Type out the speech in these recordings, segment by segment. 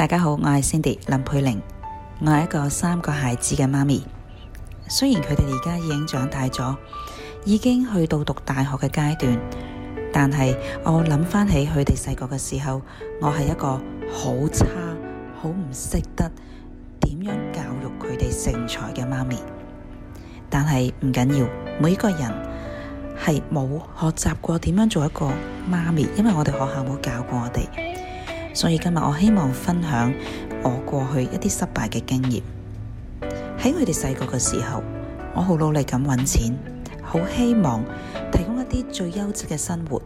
大家好，我係 Cindy 林佩玲，我係一個三個孩子嘅媽咪。雖然佢哋而家已經長大咗，已經去到讀大學嘅階段，但係我諗翻起佢哋細個嘅時候，我係一個好差、好唔識得點樣教育佢哋成才嘅媽咪。但係唔緊要，每個人係冇學習過點樣做一個媽咪，因為我哋學校冇教過。所以今日我希望分享我過去一啲失敗嘅經驗。喺佢哋細個嘅時候，我好努力咁揾錢，好希望提供一啲最優質嘅生活，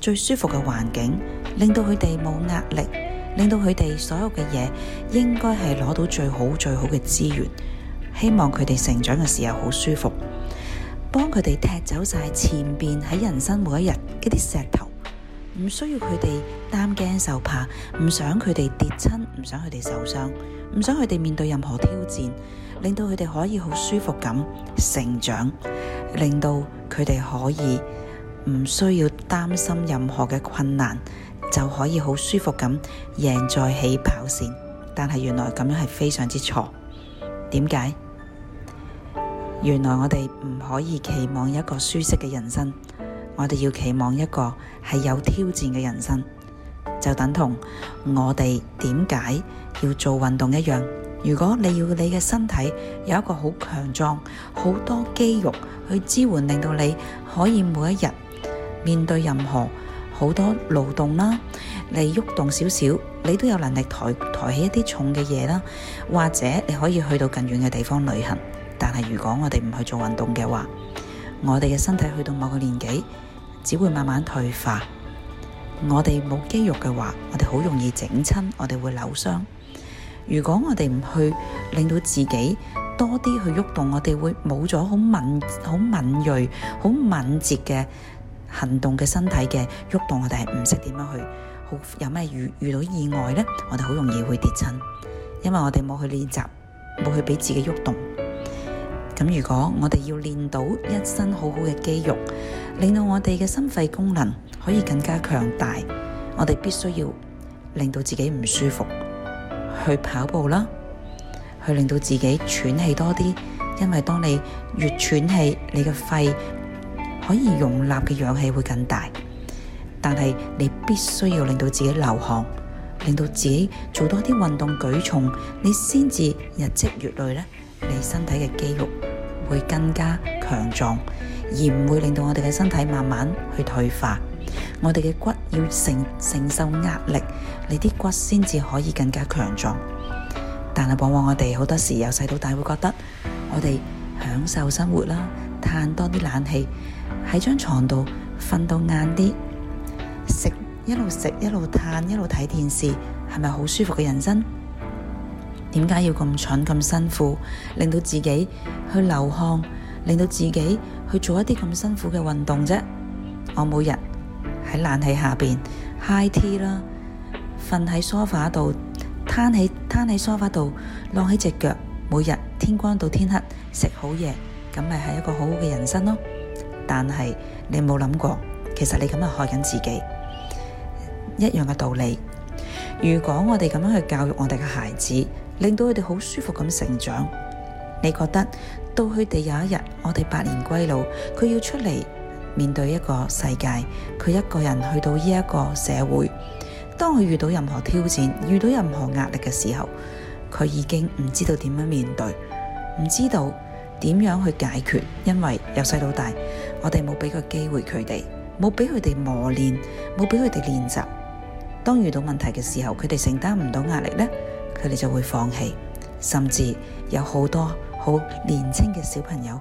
最舒服嘅環境，令到佢哋冇壓力，令到佢哋所有嘅嘢應該係攞到最好最好嘅資源，希望佢哋成長嘅時候好舒服，幫佢哋踢走晒前邊喺人生每一日一啲石頭。唔需要佢哋擔驚受怕，唔想佢哋跌親，唔想佢哋受傷，唔想佢哋面對任何挑戰，令到佢哋可以好舒服咁成長，令到佢哋可以唔需要擔心任何嘅困難，就可以好舒服咁贏在起跑線。但係原來咁樣係非常之錯，點解？原來我哋唔可以期望一個舒適嘅人生。我哋要期望一個係有挑戰嘅人生，就等同我哋點解要做運動一樣。如果你要你嘅身體有一個好強壯、好多肌肉去支援，令到你可以每一日面對任何好多勞動啦，你喐動少少，你都有能力抬抬起一啲重嘅嘢啦，或者你可以去到更遠嘅地方旅行。但係如果我哋唔去做運動嘅話，我哋嘅身體去到某個年紀，只會慢慢退化。我哋冇肌肉嘅話，我哋好容易整親，我哋會扭傷。如果我哋唔去令到自己多啲去喐動，我哋會冇咗好敏、好敏銳、好敏捷嘅行動嘅身體嘅喐動，我哋係唔識點樣去。好有咩遇遇到意外咧，我哋好容易會跌親，因為我哋冇去練習，冇去俾自己喐動。咁如果我哋要練到一身好好嘅肌肉，令到我哋嘅心肺功能可以更加強大，我哋必須要令到自己唔舒服，去跑步啦，去令到自己喘氣多啲，因為當你越喘氣，你嘅肺可以容納嘅氧氣會更大。但係你必須要令到自己流汗，令到自己做多啲運動舉重，你先至日積月累咧，你身體嘅肌肉。會更加強壯，而唔會令到我哋嘅身體慢慢去退化。我哋嘅骨要承承受壓力，你啲骨先至可以更加強壯。但係往往我哋好多時由細到大會覺得，我哋享受生活啦，嘆多啲冷氣，喺張床度瞓到晏啲，食一路食一路嘆一路睇電視，係咪好舒服嘅人生？點解要咁蠢咁辛苦，令到自己去流汗，令到自己去做一啲咁辛苦嘅運動啫？我每日喺冷氣下邊 high tea 啦，瞓喺 sofa 度，攤喺攤喺 sofa 度，晾起隻腳，每日天光到天黑，食好嘢，咁咪係一個好好嘅人生咯？但係你冇諗過，其實你咁樣害緊自己，一樣嘅道理。如果我哋咁樣去教育我哋嘅孩子。令到佢哋好舒服咁成長，你覺得到佢哋有一日，我哋百年歸老，佢要出嚟面對一個世界，佢一個人去到呢一個社會，當佢遇到任何挑戰、遇到任何壓力嘅時候，佢已經唔知道點樣面對，唔知道點樣去解決，因為由細到大，我哋冇俾個機會佢哋，冇俾佢哋磨練，冇俾佢哋練習，當遇到問題嘅時候，佢哋承擔唔到壓力呢。佢哋就會放棄，甚至有好多好年輕嘅小朋友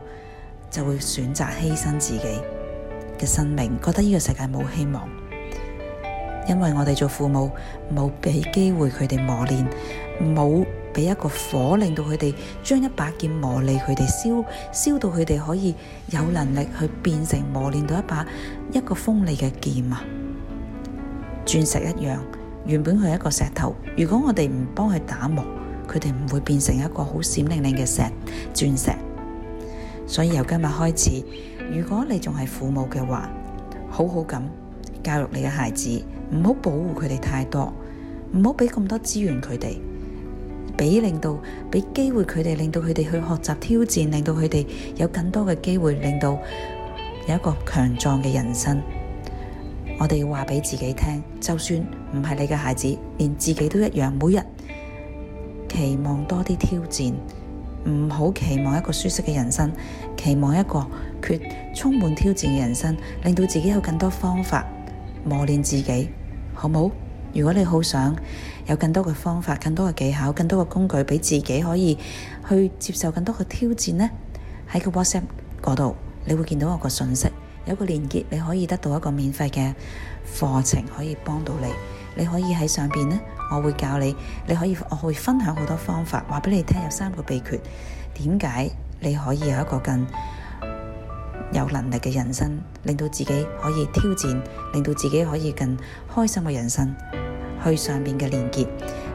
就會選擇犧牲自己嘅生命，覺得呢個世界冇希望，因為我哋做父母冇俾機會佢哋磨練，冇俾一個火令到佢哋將一把劍磨利，佢哋燒燒到佢哋可以有能力去變成磨練到一把一個鋒利嘅劍啊，鑽石一樣。原本佢係一個石頭，如果我哋唔幫佢打磨，佢哋唔會變成一個好閃靈靈嘅石鑽石。所以由今日開始，如果你仲係父母嘅話，好好咁教育你嘅孩子，唔好保護佢哋太多，唔好畀咁多資源佢哋，俾令到俾機會佢哋，令到佢哋去學習挑戰，令到佢哋有更多嘅機會，令到有一個強壯嘅人生。我哋要話畀自己聽，就算唔係你嘅孩子，連自己都一樣。每日期望多啲挑戰，唔好期望一個舒適嘅人生，期望一個缺充滿挑戰嘅人生，令到自己有更多方法磨練自己，好冇？如果你好想有更多嘅方法、更多嘅技巧、更多嘅工具畀自己可以去接受更多嘅挑戰呢？喺個 WhatsApp 嗰度你會見到我個信息。有一個鏈接，你可以得到一個免費嘅課程，可以幫到你。你可以喺上邊呢，我會教你，你可以我會分享好多方法，話俾你聽。有三個秘訣，點解你可以有一個更有能力嘅人生，令到自己可以挑戰，令到自己可以更開心嘅人生。去上邊嘅鏈接，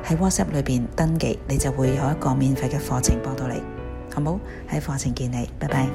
喺 WhatsApp 裏邊登記，你就會有一個免費嘅課程幫到你，好冇？喺課程見你，拜拜。